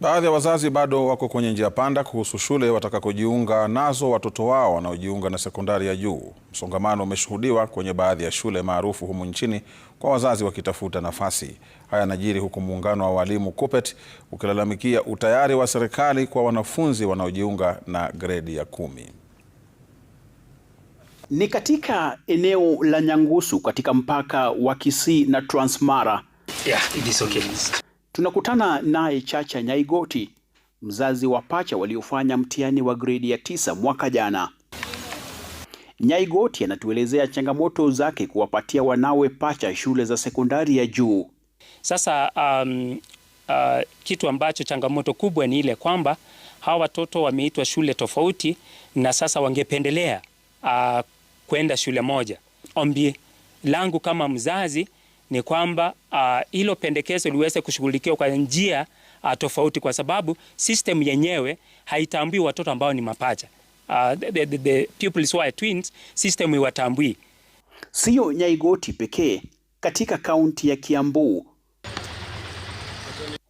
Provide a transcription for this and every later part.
Baadhi ya wazazi bado wako kwenye njia panda kuhusu shule watakakojiunga nazo watoto wao wanaojiunga na sekondari ya juu. Msongamano umeshuhudiwa kwenye baadhi ya shule maarufu humu nchini kwa wazazi wakitafuta nafasi. Haya yanajiri huku muungano wa walimu KUPPET ukilalamikia utayari wa serikali kwa wanafunzi wanaojiunga na gredi ya kumi. Ni katika eneo la Nyangusu katika mpaka wa Kisii na Transmara. Yeah, it is okay. Tunakutana naye Chacha Nyaigoti, mzazi wa pacha waliofanya mtihani wa gredi ya tisa mwaka jana. Nyaigoti anatuelezea changamoto zake kuwapatia wanawe pacha shule za sekondari ya juu. Sasa um, uh, kitu ambacho changamoto kubwa ni ile kwamba hawa watoto wameitwa shule tofauti, na sasa wangependelea uh, kwenda shule moja. Ombi langu kama mzazi ni kwamba ah, hilo uh, pendekezo liweze kushughulikiwa kwa njia uh, tofauti, kwa sababu system yenyewe haitambui watoto ambao ni mapacha uh, the, the, the pupils who are twins, system iwatambui. Sio Nyaigoti pekee, katika kaunti ya Kiambu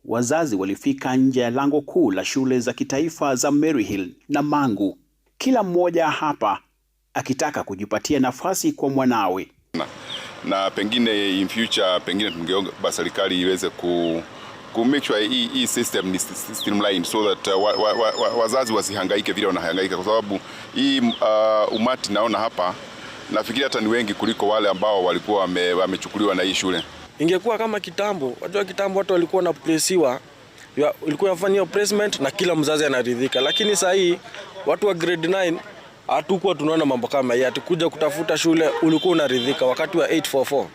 wazazi walifika nje ya lango kuu la shule za kitaifa za Maryhill na Mangu, kila mmoja hapa akitaka kujipatia nafasi kwa mwanawe na pengine in future pengine tungeomba serikali iweze ku ku make sure hii hii system ni streamlined so that uh, wa, wa, wa, wazazi wasihangaike vile wanahangaika, kwa sababu hii uh, umati naona hapa nafikiri hata ni wengi kuliko wale ambao walikuwa wamechukuliwa na hii shule. Ingekuwa kama kitambo, watu wa kitambo, watu walikuwa pressiwa, ilikuwa yafanyia placement na kila mzazi anaridhika, lakini sasa hii watu wa grade 9 hatukuwa tunaona mambo kama hii. Hatukuja kutafuta shule, ulikuwa unaridhika wakati wa 844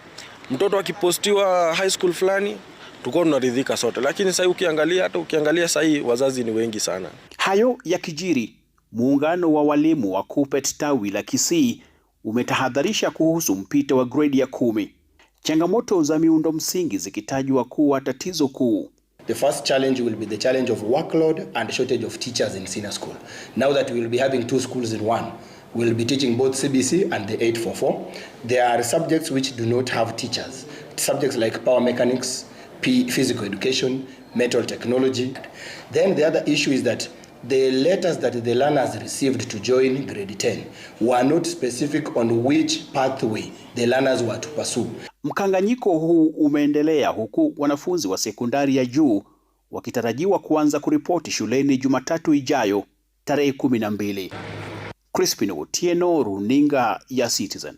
mtoto akipostiwa high school fulani tulikuwa tunaridhika sote, lakini sasa ukiangalia, hata ukiangalia sasa hii wazazi ni wengi sana. Hayo ya kijiri muungano wa walimu wa KUPPET tawi la Kisii umetahadharisha kuhusu mpito wa gredi ya kumi, changamoto za miundo msingi zikitajwa kuwa tatizo kuu. The first challenge will be the challenge of workload and shortage of teachers in senior school. Now that we will be having two schools in one, we will be teaching both CBC and the 844. There are subjects which do not have teachers. Subjects like power mechanics, physical education, metal technology. Then the other issue is that the letters that the learners received to join grade 10 were not specific on which pathway the learners were to pursue. Mkanganyiko huu umeendelea huku wanafunzi wa sekondari ya juu wakitarajiwa kuanza kuripoti shuleni Jumatatu ijayo tarehe 12. Crispin Otieno, Runinga ya Citizen.